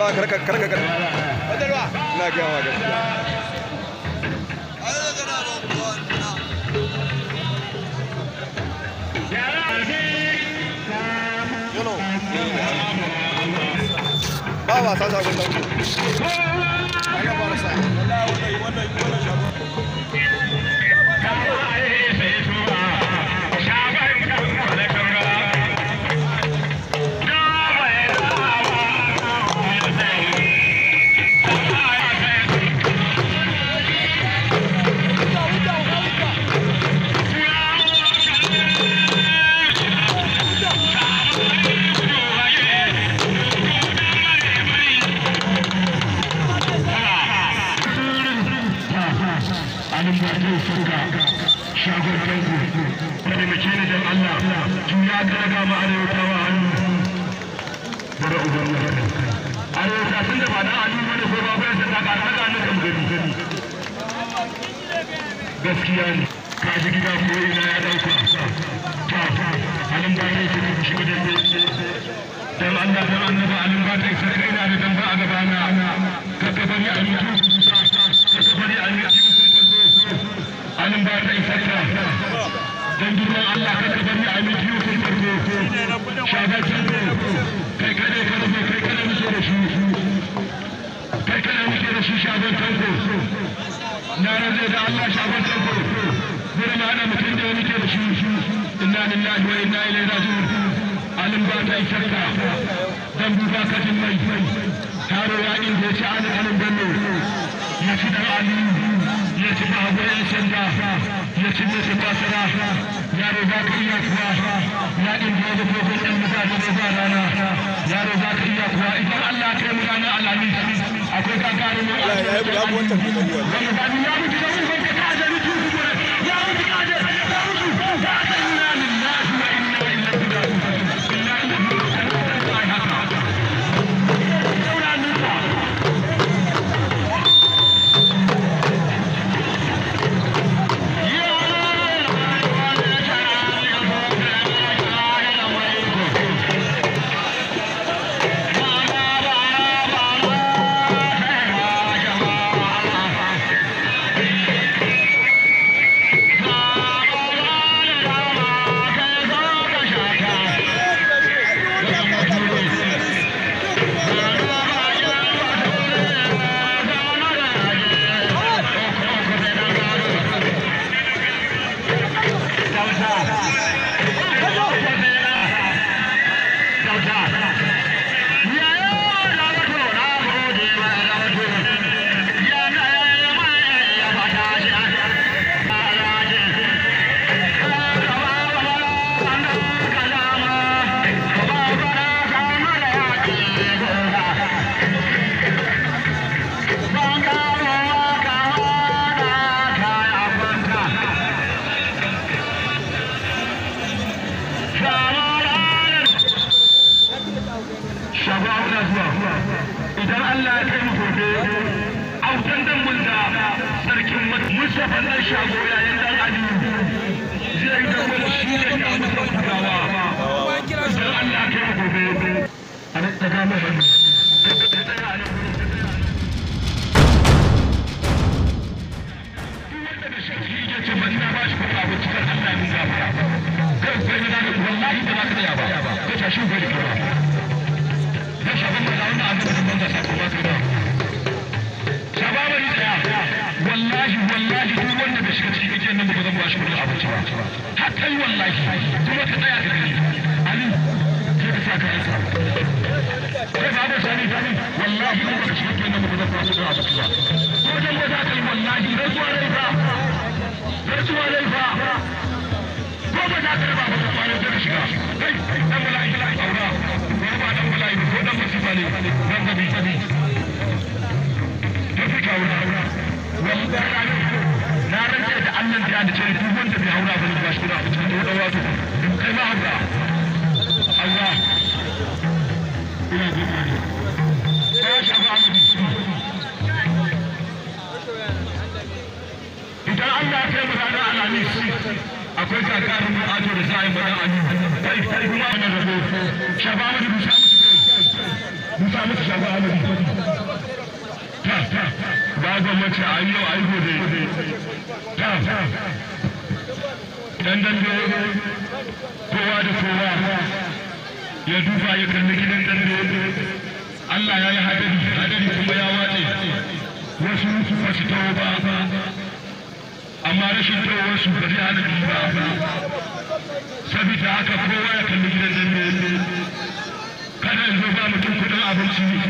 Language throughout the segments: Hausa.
wallahi karka karka karka ina Ana ba wasa. Wallahi wannan wannan ne suka shagon kanku da taimake ni don Allah juya ta daga ma arewa hannu bada uban na hannu arewa tun da ba na hannu wani ko ba bai ta ka saka ni kan gani gaskiya ne ka ji gida ko ina ya dauka ta ta halin ba ne ki ku shiga dambe dan Allah dan annabi alim ba ta sai ina da dan ba a gaba na ka ka bari a bata ba don girman Allah ka yi kai ka rufe kai kada muke da shi kai muke da shi shagon na Allah shagon tanko ana mutum da muke da shi inna lillahi wa inna ilaihi raji'un mai taro ya inda ya ci alin alin bello ya ci aliyu Yetim ağabeyi içinde, yetim yetim başına, ya rızak iyakla, ya imzalı profesyonelimize rızak ana, ya rızak iyakla. İzhan Allah kemurana alamin, akıza karimu, akıza karimu, akıza karimu, akıza karimu, akıza karimu, akıza karimu, akıza karimu, akıza karimu, suna zuwa idan Allah ya kai mu gobe autan dambun da sarkin Mustapha dan shago yayin dan Ali zai da kuma shi ne da mutum kudawa idan Allah ya kai mu gobe a nan daga mu Thank you. kai wallahi kuma ka tsaya ka ali sai ka sa ka yasa ba da sani sani wallahi in ka shiga kenan ba za ka samu da abu ba wajen ba za ka yi wallahi rantsuwa rai fa rantsuwa rai fa ko ba za ka raba ba ka fara da shiga kai dan bala'i aura ko ba dan bala'i ko dan musiba ne dan gabi gabi ka fika aura wallahi Allah ya da cewa duk wanda bai haura ba ne ba shi da abin da ya dawo ta gwamnati a yau a yi ta kowa da kowa ya duba ya kalli gidan dan da Allah ya yi hadari hadari kuma ya wace wasu ba su tawo ba amma rashin tawowarsu ba zai hana ba sabita haka kowa ya kalli gidan dan da kada yanzu ba mutum kudin abinci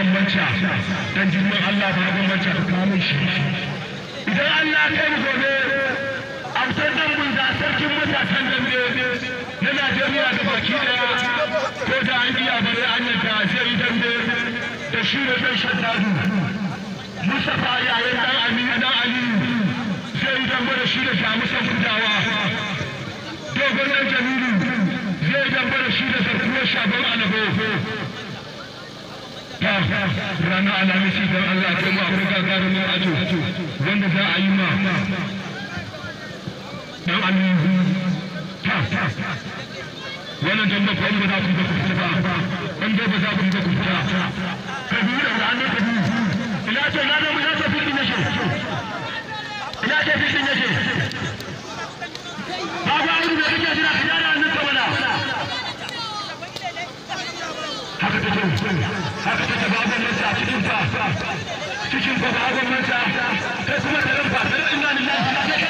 gwammanca dan jirgin Allah ba gwammanca ka kawo shi idan Allah kai mu gobe autar dan mun za sarkin matasan dambe na Najeriya da baki daya ko da an iya bare an yanta sai dambe da shi da dan shaddadu Mustapha yayin dan Aminu dan Ali zai yi dambe da shi da Shamusan Kudawa dogon dan Jamilu zai dambe da shi da Sarkuwar Shagon Alabo rana alamisi don Allah ya mu akwai gagarumin ajo wanda za a yi ma dan alihu ta wannan jamba ko ba ku da ba ba za ku da kuta kabiru da da ila to na da mu za ta fili ila ta ba da jira haka ta gaban mata cikin ta cikin ta gaban mata kai kuma ta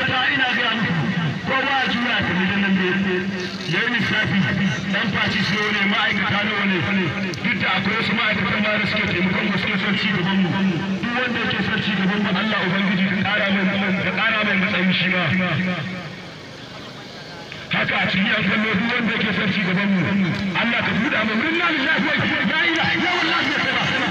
rabi dan faci ciwo ne ma'aikata nawa ne duk da akwai wasu ma'aikatan ma da suke taimakon mu suna son cigaban mu duk wanda yake son cigaban mu Allah ubangiji ya ƙara mai ya ƙara mai matsayin shi ma haka a cikin yan kallo duk wanda yake son cigaban mu Allah ka buɗa mu minna lillahi wa inna ilaihi raji'un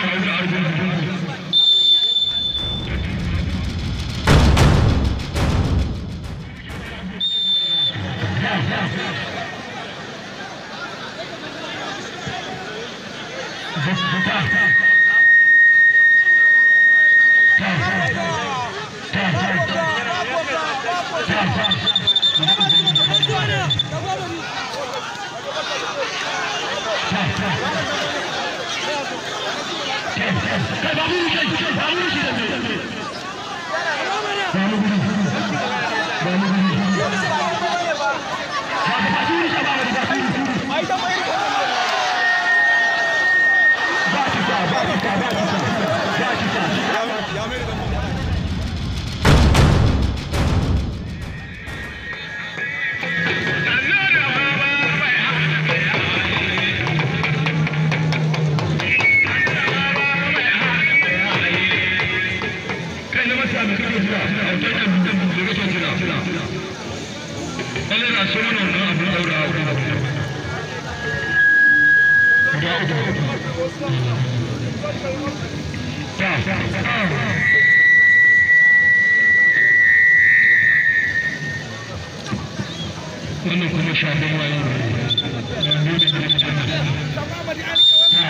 Vamos, wannan kuma shafin wayo na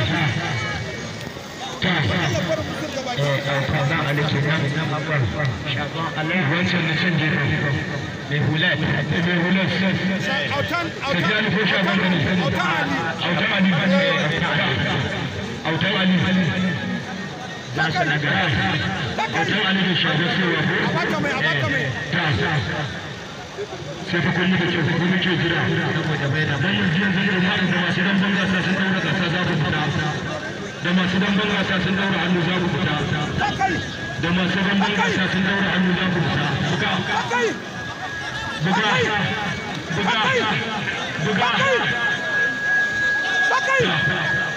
da gashi na gari da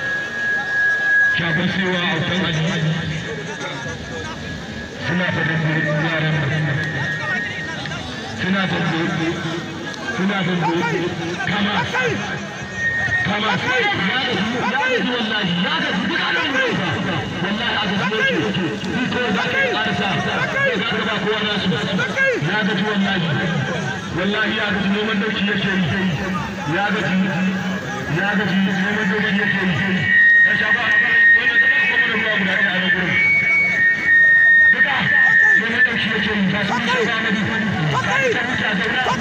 shafin cewa a kan aji suna fadin yaran suna suna fadin kama kama ya gaji ya gaji wallahi ya wallahi a ne ke ya gaji wallahi ya dauki yake yi ya gaji ya gaji dauki yake yi ya gaji abubuwa guda ɗaya a nan duka sai na ɗauki yake yi ba su ne sai